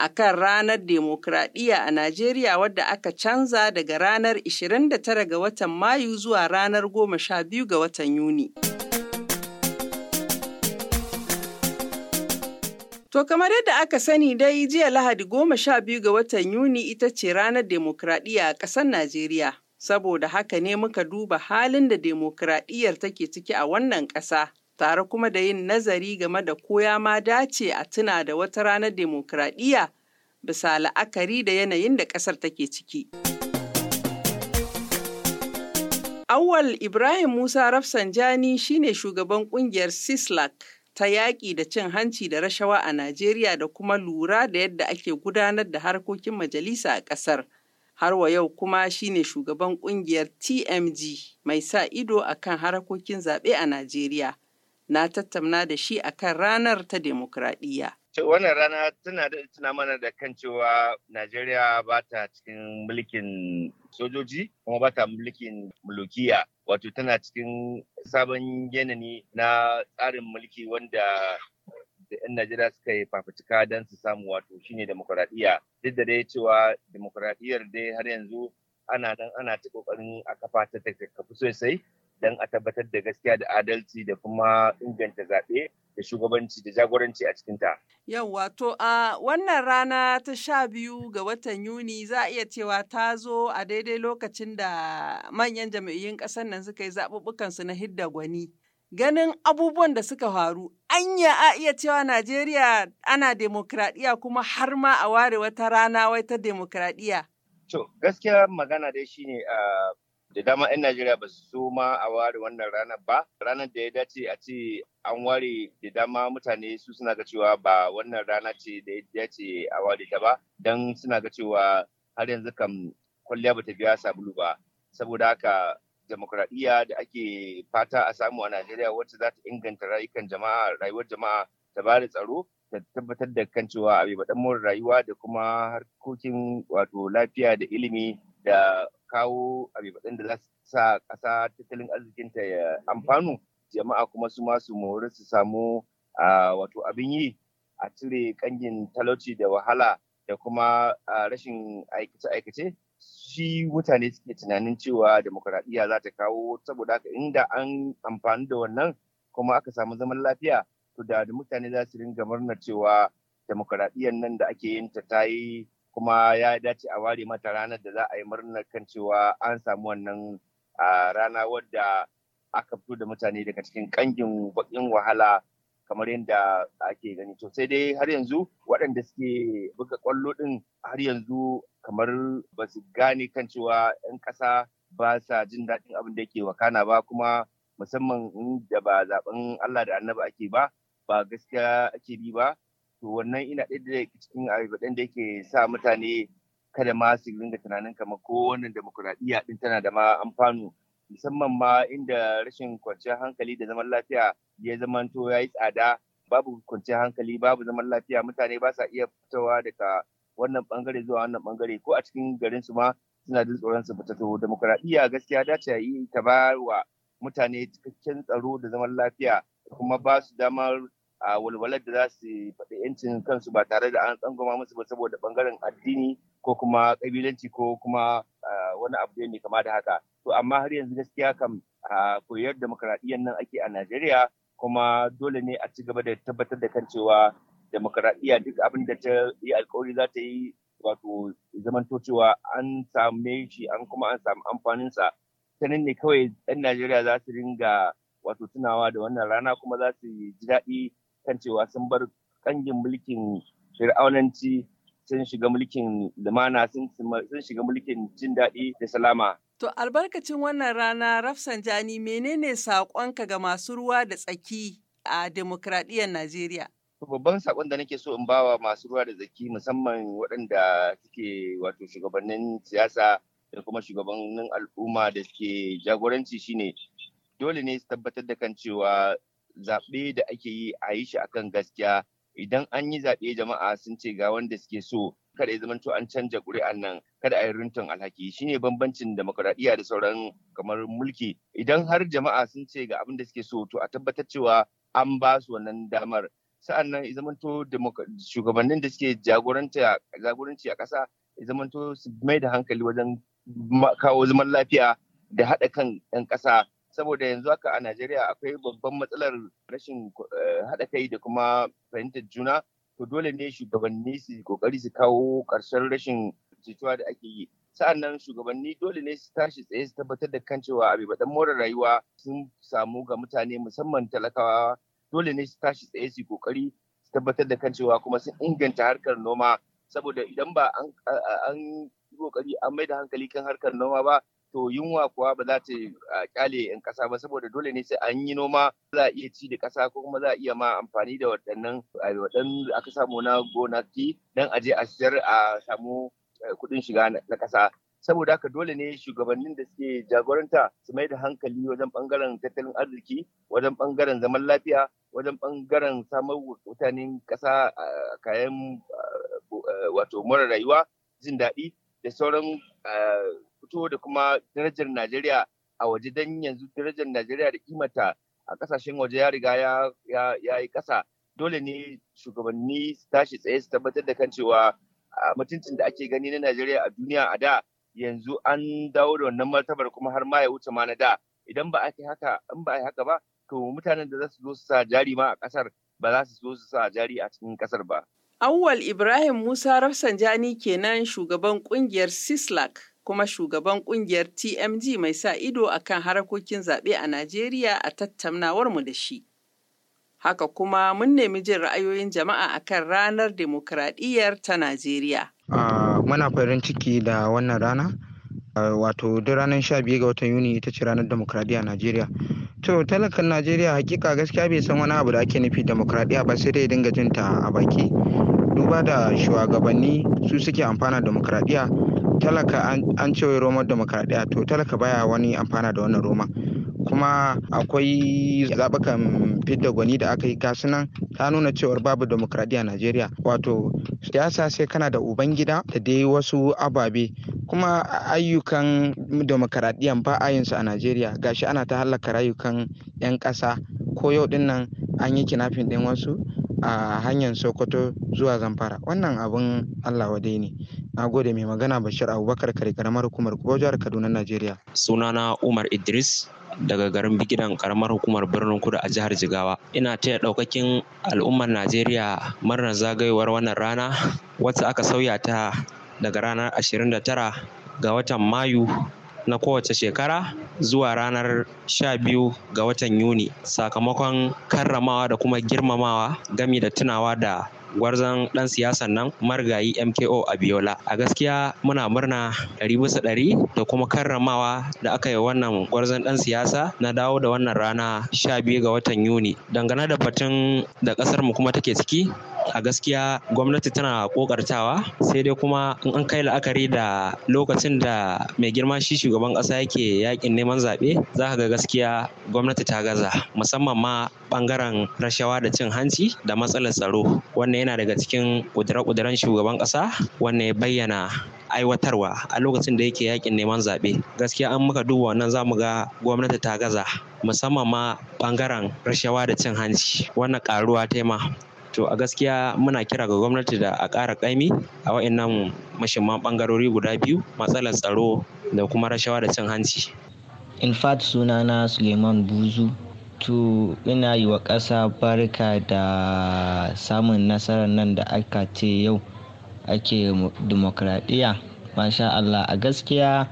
a kan ranar demokradiyya a Najeriya wadda aka canza daga ranar 29 ga watan Mayu zuwa ranar 12 ga watan Yuni. To kamar yadda aka sani dai jiya Lahadi goma sha biyu ga watan Yuni ita ce ranar demokradiyya a ƙasar Najeriya. Saboda haka ne muka duba halin da demokradiyyar take ciki a wannan ƙasa tare kuma da yin nazari game da koya ma dace a tuna da wata ranar demokradiyya bisa la'akari da yanayin da ƙasar take ciki. Awal Ibrahim Musa Rafsanjani shine shugaban kungiyar Sislak ta yaƙi da cin hanci da rashawa a Najeriya da kuma lura da yadda ake gudanar da harkokin majalisa a ƙasar. Har wa yau kuma shine shugaban kungiyar TMG mai sa ido akan harkokin zaɓe a Najeriya. na tattauna da shi akan ranar ta demokradiyya. wannan rana tana da tuna mana da kan cewa Najeriya ba ta cikin mulkin sojoji kuma ba ta mulkin mulukiya wato tana cikin sabon yanayi na tsarin mulki wanda da 'yan Najeriya suka yi fafutuka don su samu wato shine demokradiyya duk da dai cewa demokradiyyar dai har yanzu ana nan ana ta kokarin a kafa ta ta kafu sosai don a tabbatar da gaskiya da adalci da kuma inganta zaɓe da shugabanci da jagoranci a cikinta. Yau wato a wannan rana ta sha biyu ga watan Yuni za a iya cewa ta zo a daidai lokacin da manyan jami'in ƙasar nan suka yi zaɓuɓɓukansu na hidda gwani. Ganin abubuwan da suka faru, anya a iya cewa Najeriya ana demokradiyya kuma har ma a ware wata rana wai ta demokradiyya. To, gaskiya magana dai shine a ah, da dama 'yan Najeriya ba su so ma a ware wannan rana ba ranar da ya dace a ce an ware da dama mutane su suna ga cewa ba wannan rana ce da ya dace a ware ta ba don suna ga cewa har yanzu kan kwalliya ba ta biya sabulu ba saboda haka demokuraɗiyya da ake fata a samu a Najeriya wacce za ta inganta rayukan jama'a rayuwar jama'a ta ba da tsaro ta tabbatar da kan cewa abu ba rayuwa da kuma harkokin wato lafiya da ilimi da kawo abubuwan da za su sa ƙasa tattalin ta ya amfanu jama'a kuma su masu mori su samu wato abin yi a cire kangin talauci da wahala da kuma rashin aikace-aikace shi mutane suke tunanin cewa demokuraɗiyya za ta kawo saboda haka inda an amfani da wannan kuma aka samu zaman lafiya to da mutane za su ringa murnar cewa demokuraɗiyyar nan da ake yin ta ta yi kuma ya dace a ware mata ranar da za a yi murnar kan cewa an samu wannan rana wadda aka fito da mutane daga cikin kangin bakin wahala kamar yadda ake gani to sai dai har yanzu waɗanda suke buga kwallo ɗin har yanzu kamar ba su gane kan cewa 'yan ƙasa ba sa jin daɗin abin da ke wakana ba kuma musamman da ba zaben Allah da annabi ake ba ba gaskiya ake yi ba to wannan ina ɗaya da cikin abubuwan da yake sa mutane kada ma su ringa tunanin kama ko wannan demokuraɗiyya ɗin tana da ma amfanu musamman ma inda rashin kwanciyar hankali da zaman lafiya ya zamanto ya yi tsada babu kwanciyar hankali babu zaman lafiya mutane ba sa iya fitowa daga wannan bangare zuwa wannan bangare ko a cikin garin su ma suna jin tsoron su fita to demokuraɗiyya gaskiya dace yi ta ba wa mutane cikakken tsaro da zaman lafiya kuma ba su damar a walwalar da za su faɗi yancin kansu ba tare da an tsangwama musu ba saboda bangaren addini ko kuma ƙabilanci ko kuma wani abu ne kama da haka to amma har yanzu gaskiya kam a koyar demokaradiyyar nan ake a Najeriya kuma dole ne a ci gaba da tabbatar da kan cewa demokaradiyya duk abin da ta yi alkawari za ta yi wato zamanto cewa an same shi an kuma an samu amfaninsa ta nan ne kawai 'yan Najeriya za su ringa wato tunawa da wannan rana kuma za su ji daɗi kan cewa sun bar kangin mulkin fir'aunanci sun shiga mulkin lumana sun shiga mulkin jin daɗi da salama. To albarkacin wannan rana Rafsanjani menene saƙonka ga masu ruwa da tsaki a demokradiyyar Najeriya? Babban saƙon da nake so in bawa masu ruwa da tsaki musamman waɗanda suke wato shugabannin siyasa da kuma shugabannin al'umma da suke jagoranci shine dole ne su tabbatar da kan cewa zaɓe da ake yi a yi shi akan gaskiya idan an yi zaɓe jama'a sun ce ga wanda suke so kada ya to an canja ƙuri'an nan kada a yi runtun alhaki shine bambancin demokradiyya da sauran kamar mulki idan har jama'a sun ce ga abin da suke so to a tabbatar cewa an ba su wannan damar sa'an nan ya to shugabannin da suke jagoranci a ƙasa ya to su mai da hankali wajen kawo zaman lafiya da haɗa kan 'yan ƙasa saboda yanzu haka a Najeriya akwai babban matsalar rashin eh, haɗa kai da kuma fahimtar juna to dole ne shugabanni su kokari su kawo ƙarshen rashin jituwa da ake yi sa'annan shugabanni dole ne su tashi tsaye su tabbatar da kan cewa abu baɗan more rayuwa sun samu ga mutane musamman talakawa dole ne su tashi tsaye su kokari su tabbatar da kan cewa kuma sun inganta harkar noma saboda idan ba an kokari an mai da hankali kan harkar noma ba to yunwa kuwa ba za ta kyale 'yan kasa ba saboda dole ne sai an yi noma za a iya ci da kasa ko kuma za a iya ma amfani da waɗannan waɗan aka samu na gonaki don a je a siyar a samu kuɗin shiga na kasa saboda haka dole ne shugabannin da suke jagoranta su mai da hankali wajen bangaren tattalin arziki wajen bangaren zaman lafiya wajen bangaren samar mutanen ƙasa kayan wato mara rayuwa jin daɗi da sauran fito da kuma darajar Najeriya a waje don yanzu darajar Najeriya da kimata a kasashen waje ya riga ya yi kasa dole ne shugabanni su tashi tsaye su tabbatar da kan cewa mutuncin da ake gani na Najeriya a duniya a da yanzu an dawo da wannan martabar kuma har ma ya wuce ma na da idan ba ake haka in ba a haka ba to mutanen da za su zo su sa jari ma a kasar ba za su zo su sa jari a cikin kasar ba. Awwal Ibrahim Musa Rafsanjani kenan shugaban kungiyar Sislak kuma shugaban kungiyar TMG mai sa ido a kan harakokin zaɓe a Najeriya a tattaunawar mu da shi. Haka kuma mun nemi jin ra'ayoyin jama'a a kan ranar demokradiyyar ta Najeriya. muna farin ciki da wannan rana. wato duk ranar sha biyu ga watan yuni ita ce ranar demokradiyya a najeriya to talakan najeriya hakika gaskiya bai san wani abu da ake nufi demokradiyya ba sai dai dinga jinta a baki duba da shugabanni su suke amfana demokradiyya talaka an ce roman demokradiyya to talaka baya wani amfana da wannan Roma kuma akwai zaɓukan fidda gwani da aka yi kasunan ta nuna cewar babu demokradiyya najeriya wato siyasa sai kana da ubangida da dai wasu ababe kuma ayyukan demokradiyyan ba a yinsu a najeriya gashi ana ta hallaka rayukan 'yan ƙasa ko yau din an yi kinafin ɗin wasu a hanyar sokoto zuwa zamfara wannan abin allah wadai ne Na gode mai magana Bashir Abubakar kare karamar hukumar Kubo jihar Kaduna Najeriya. Sunana Umar Idris daga garin bigidan karamar hukumar birnin kudu a jihar jigawa ina taya daukakin al'ummar najeriya murnar zagayowar wannan rana wacce aka sauya ta daga ranar 29 ga watan mayu na kowace shekara zuwa ranar 12 ga watan yuni sakamakon karramawa da kuma girmamawa gami da tunawa da gwarzon dan siyasan nan marigayi MKO Abiola. A gaskiya muna murna ɗari bisa ɗari da kuma karramawa da aka yi wannan gwarzon dan siyasa na dawo da wannan rana sha biyu ga watan Yuni. Dangane da batun da ƙasarmu mu kuma take ciki a gaskiya gwamnati tana kokartawa sai dai kuma in an kai la'akari da lokacin da mai girma shi shugaban ƙasa yake yakin neman zaɓe za ka ga gaskiya gwamnati ta gaza musamman ma bangaren rashawa da cin hanci da matsalar tsaro wannan yana daga cikin kudura-kuduran shugaban ƙasa wannan ya bayyana aiwatarwa a lokacin da yake yakin neman zaɓe gaskiya an muka duba wannan za mu ga gwamnati ta gaza musamman ma bangaren rashawa da cin hanci wannan karuwa tema to a gaskiya muna kira ga gwamnati da a ƙara ƙaimi a wa'annan mashimman ɓangarori guda biyu matsalar tsaro da kuma rashawa da cin hanci in fact sunana suleiman buzu to ina yi wa ƙasa barka da samun nasarar nan da aka ce yau ake demokradiyya masha allah a gaskiya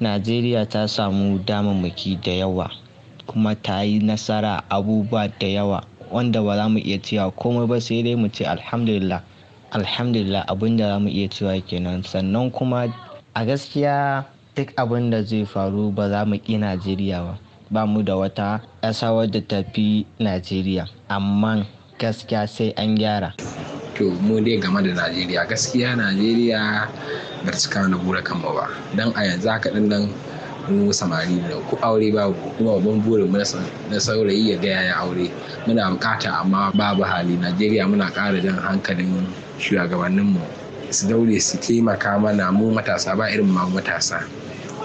najeriya ta samu damammaki da yawa kuma ta yi nasara abubuwa da yawa wanda ba za mu iya cewa komai ba sai dai mu ce alhamdulillah alhamdulillah abin da za mu iya cewa kenan sannan kuma a gaskiya duk abin da zai faru ba za mu ƙi najeriya ba ba mu da wata ƙasa wadda ta fi najeriya amma gaskiya sai an gyara to mu dai game da najeriya gaskiya najeriya ba ta kawo na gura kanmu ba don a yanzu haka nan mu samari da ku aure babu kuma babban burin mu na saurayi ya gaya ya aure muna bukata amma babu hali najeriya muna kara jan hankalin shugabanninmu su daure su taimaka mana mu matasa ba irin ma matasa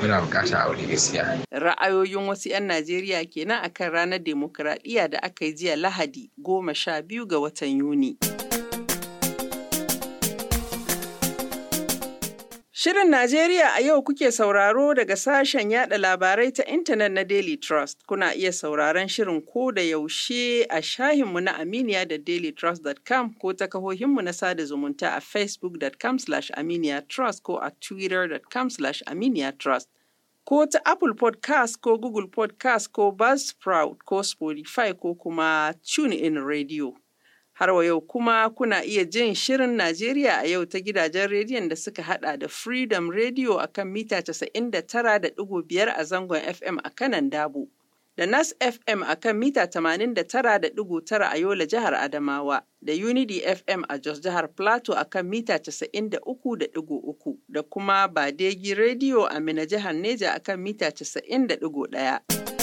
muna bukata aure gaskiya. Ra'ayoyin wasu 'yan Najeriya kenan akan ranar demokuraɗiyya da aka yi jiya Lahadi goma sha biyu ga watan Yuni. Shirin Najeriya a yau kuke sauraro daga sashen yada labarai ta intanet na Daily Trust. Kuna iya sauraron shirin ko da yaushe a shahinmu na Aminiya da dailytrust.com ko ta kahohinmu na sada zumunta a facebookcom aminiya ko a twittercom aminiya trust ko ta Apple podcast ko Google podcast ko Buzzsprout ko Spotify ko kuma TuneIn Radio. Har wa yau kuma kuna iya jin shirin Najeriya a yau ta gidajen rediyon da suka hada da Freedom Radio a kan mita 99.5 a zangon FM a kanan Dabo, da Nas FM a kan mita 89.9 a Yola jihar Adamawa, da Unity FM a Jos jihar Plateau a kan mita 93.3, da kuma Badegi Radio a Mina jihar Neja a kan mita 91.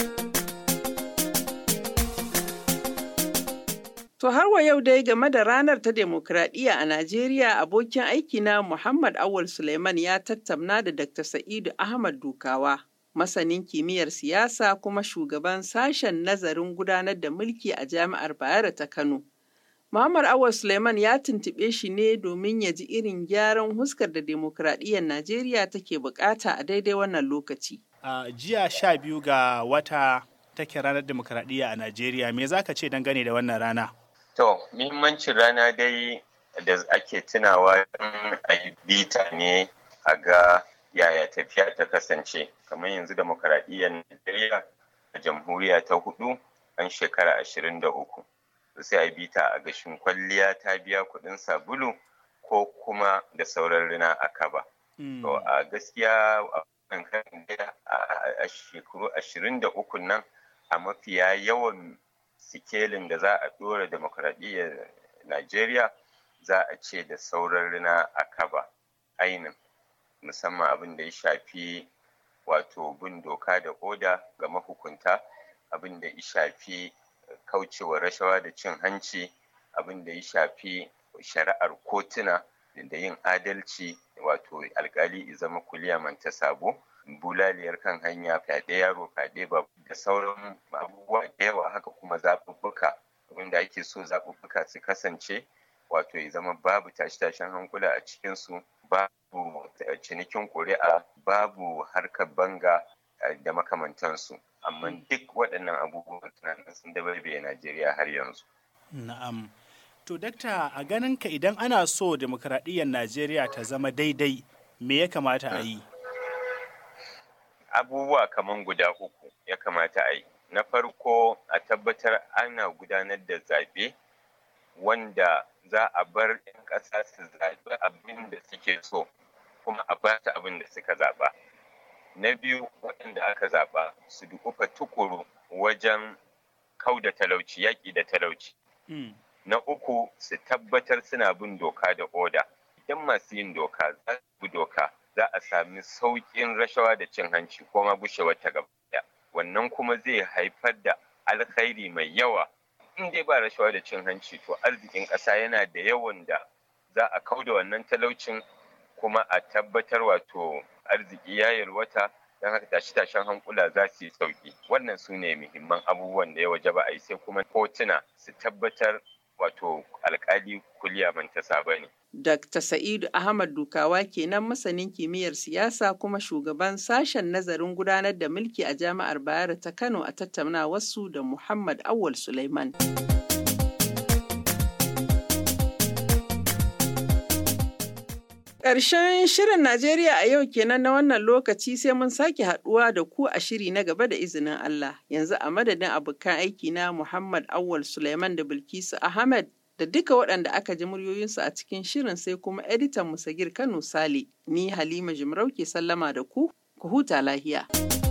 To har wa yau dai game da ranar ta demokradiyya a Najeriya abokin aikina Muhammad Awul Suleiman ya tattauna da Dr. Sa'idu Ahmad Dukawa, masanin kimiyyar siyasa kuma shugaban sashen nazarin gudanar da mulki a Jami'ar Bayero ta Kano. Muhammad Awul Suleiman ya tuntuɓe shi ne domin ya ji irin gyaran huskar da demokradiyyar Najeriya take bukata a daidai wannan lokaci. jiya sha biyu ga wata take ranar demokradiyya a Najeriya, me za ka ce dangane da wannan rana? To, muhimmancin rana dai da ake tunawa a yi bita ne a ga yaya tafiya ta kasance. Kamar yanzu demokaradiyyar Najeriya a jamhuriya ta hudu an shekara ashirin da uku. Sai a bita a gashin kwalliya ta biya kuɗin sabulu ko kuma da sauran rina a kaba. Hmm. To, a gaskiya a shekaru ashirin da uku nan a mafiya yawan sikelin da za a ɗora demokradiyyar Najeriya za a ce da sauran rina a kaba ainin musamman abin da ya shafi wato bin doka da oda ga mahukunta abin da ya shafi kaucewa rashawa da cin hanci abin da ya shafi shari'ar kotuna da yin adalci wato alkali izama kuliya manta sabo bulaliyar kan hanya fyaɗe yaro fyaɗe ba da sauran abubuwa da yawa haka kuma zaɓuɓɓuka wanda ake so zaɓuɓɓuka su kasance wato ya zama babu tashe-tashen hankula a cikinsu babu cinikin ƙuri'a babu harkar banga eh, da makamantansu amma hmm. duk waɗannan abubuwan tunanin sun dabaibaye najeriya har yanzu na'am to dakta a ganinka idan ana so demokaradiyyar najeriya ta zama daidai me ya kamata a hmm. yi abubuwa kamar guda uku ya kamata a yi na farko a tabbatar ana gudanar da zaɓe wanda za a bar 'yan ƙasa su zaɓi abin da suke so kuma a ba su abin da suka zaɓa na biyu waɗanda aka zaɓa su dukufa tukuru wajen kau da talauci yaƙi da talauci hmm. na uku su tabbatar suna bin doka da oda idan masu yin doka za su bi doka za a sami sauƙin rashawa da cin hanci ko ma gushe wata gaba wannan kuma zai haifar da alkhairi mai yawa in dai ba rashawa da cin hanci to arzikin ƙasa yana da yawan da za a da wannan talaucin kuma a tabbatar wato arziki ya yalwata don haka tashe-tashen hankula za su yi sauki wannan su ne muhimman abubuwan da ya waje ba a yi sai kuma kotuna su tabbatar wato alkali kuliya mantasa saba ne Dr. Sa'idu Ahmad Dukawa kenan masanin kimiyyar siyasa kuma shugaban sashen nazarin gudanar da mulki a Jami'ar Bayero ta Kano a tattauna wasu da Muhammad Awal Sulaiman. Ƙarshen shirin Najeriya a yau kenan na wannan lokaci sai mun sake haɗuwa da ku a shiri na gaba da izinin Allah. Yanzu a madadin abokan aiki na Muhammad Awal Sulaiman da Bilkisu Ahmed da duka waɗanda aka ji muryoyinsu a cikin shirin sai kuma editan Musagir Kano Sale, ni Halima Jimarau ke sallama da ku, ku huta lahiya.